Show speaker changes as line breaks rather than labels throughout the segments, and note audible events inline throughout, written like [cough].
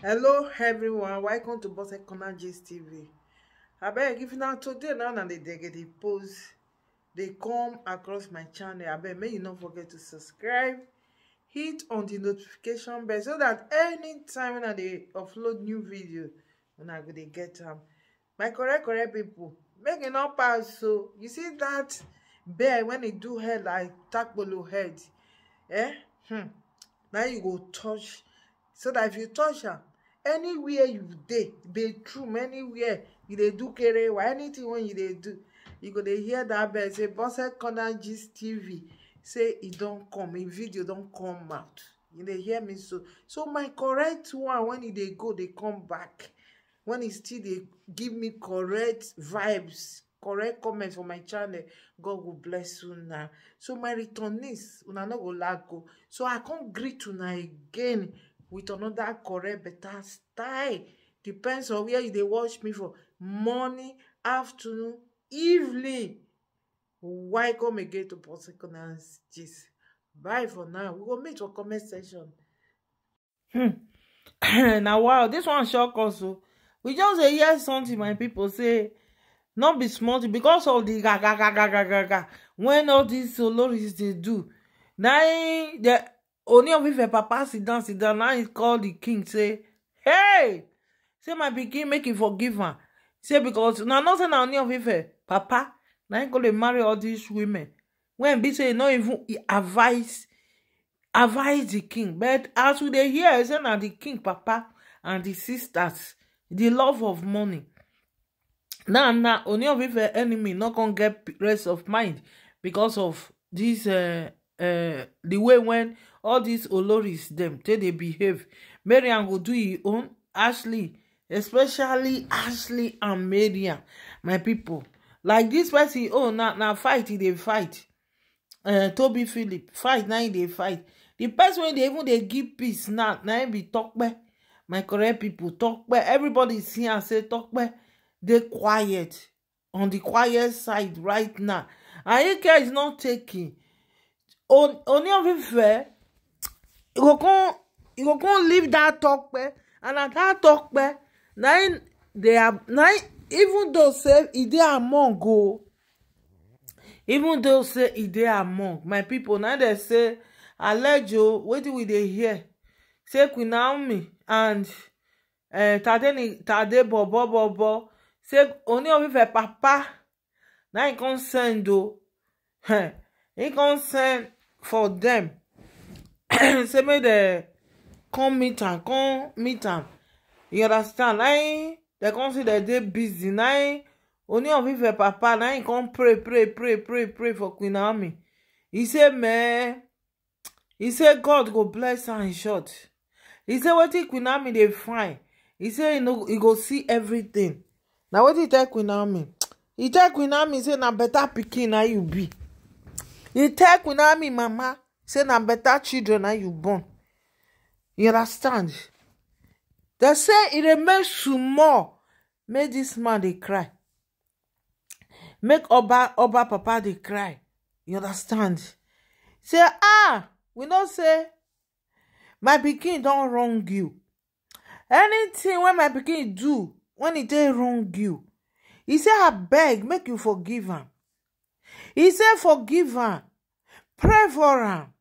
hello everyone welcome to Boss Corner Gist TV abeg if na today now na the get the post dey come across my channel abeg make you no forget to subscribe hit on the notification bell so that anytime when i dey upload new video una go dey get am my correct correct people. make e no pass so you see that. bear when e do head like takpolo head eh hmm na you go touch so that if you touch am anywhere you dey e bathroom anywhere you dey do kerewa anything wey you dey do you go dey hear that bird say bose corner gist tv say e don come im e video don come out you dey hear me so so my correct one when e dey go e dey come back when e still dey give me correct vibes correct comment for my channel god go bless una so my returnees una no go lag go so i come greet una again with another correct better style depends on where you dey watch me for morning afternoon evening why come again to Postcognized Gist bye for now we go meet for comment section. Hmm. [laughs] na wow this one shock us o oh. we just dey hear something my people say no be small thing because of the gagagagagaga when all these oloris dey do na im dey Oni of Ife papa sit down, sit down. Now he call the king, say, hey, say my begin make him forgive her. Say because now not say saying Oni of Ife papa, now he go dey marry all these women. When be say no even he advise, advise the king. But as we dey hear, say now the king papa and the sisters, the love of money. Now now Oni of Ife enemy not gonna get rest of mind because of this. Uh, The way when all dis oloris dem tey they behave marian go do e own ashley especially ashley and marian my people. like this person oh now na fight they dey fight eh, toby philip fight now e dey fight The person wey dey even they give peace now. im be tokpe my correct pipo tokpe everybody see and say tokpe They quiet on the quiet side right now and ike is not taking On, of Ife, you go come, go leave that talk pe, and at that talk pe, na they are na even though say e dey among go, even though say e dey among my people now they say Alejo wetin we dey hear say Queen Naomi and uh, Tade ni Tade bobo bobo say Oni of Ife papa na him come send o, [laughs] he come send. for them, [coughs] say make de come meet am come meet am you understand i they consider see dey busy na im only of ife papa na im come pray pray pray pray pray for queen he e say meh he say god go bless am in short e say wetin queen naomi dey find he say he go see everything now wetin he tell queen he e tell queen say na better picking na you be e tell queen me mama say na better children are you born you understand They say e remain small make this man they cry make oba oba papa they cry you understand say ah we not say my pikin don wrong you Anything when my pikin do when he dey wrong you he say I beg make you forgive am He say forgive am Pray for am.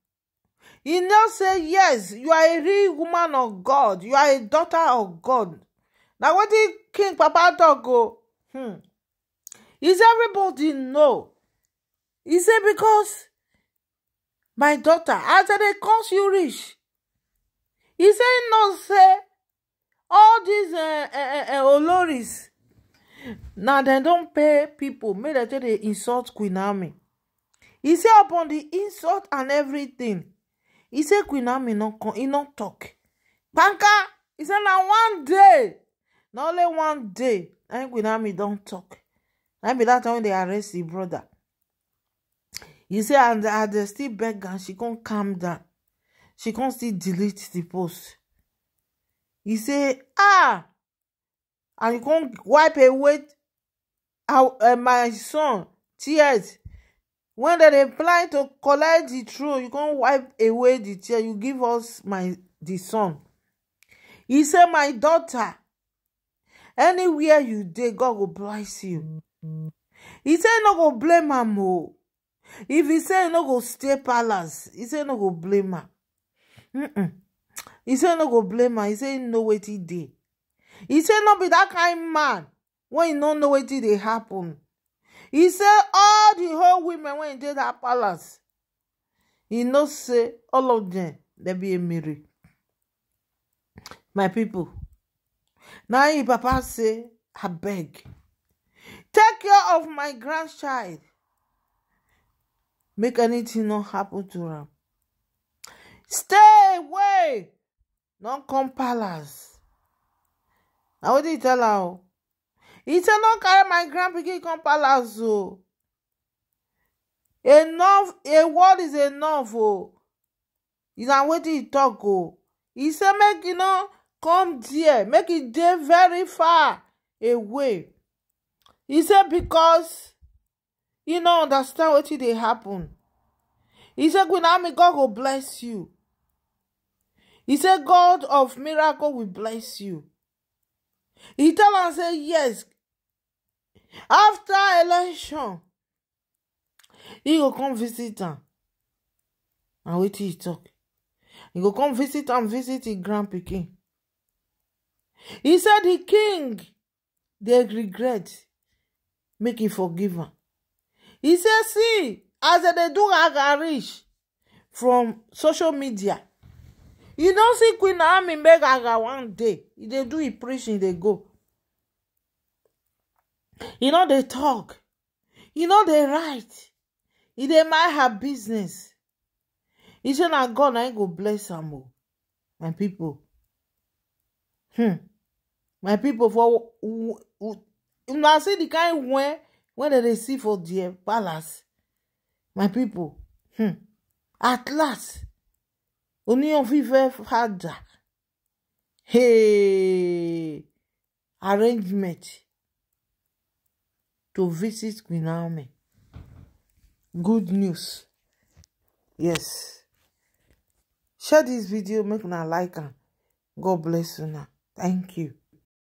He now say, Yes, you are a real woman of God. You are a daughter of God. Na wetin King Papa talk o. Oh? Hmm. Is everybody know? He say because my daughter, as I dey cause you rich, he say no say all these uh, uh, uh, oloris na dem don pay people. make dem take dey insult Queen Ami. He say upon the insult and everything He say queen army no talk. panka he say na one day not only one day na im queen army don't talk. na be that time wey dey arrest the brother. He say as they still beg am she can't calm down she can't still delete the post He say ah and you con wipe away uh, my son tears When they dey plan to collect the throne you con wipe away the tear you give us my the son He say my daughter anywhere you dey god go bless you He say no go blame am o oh. if he say no go stay palace he say no go blame am He e say no go blame am He say no know wetin dey e say no be that kind man wey e no know wetin dey happen. He said all the whole women wey dey that palace He no say all of them. dem be a mirror, my people. Now im papa say I beg, take care of my grandchild make anything not happen to her. stay away Don't come palace Now what did he tell her He say no carry my grand pikin come palace o enough a word is enough o na wetin e tok o He say make he no come there make he dey very far away He say because he no understand wetin dey happen e say queen army god go bless you He say god of miracle will bless you He tell am say yes After election, he go come visit am. And wetin he talk? He go come visit am visit him grand pikin. He said the king dey regret make him forgive am. He say see as dem dey do aga reach from social media. You don see Queen Naomi make aga one day. E dey do e preaching dey go. You know they talk You know they write e dey mind her business He said, na god I him go bless am o oh, my people." hmm my people, for una say the kind wen when they receive for dia palace my people. hmm at last only onion fife fada hey arrangement to visit Queen Naomi. Good news. Yes. Share this video, make una like am. God bless you now. Thank you.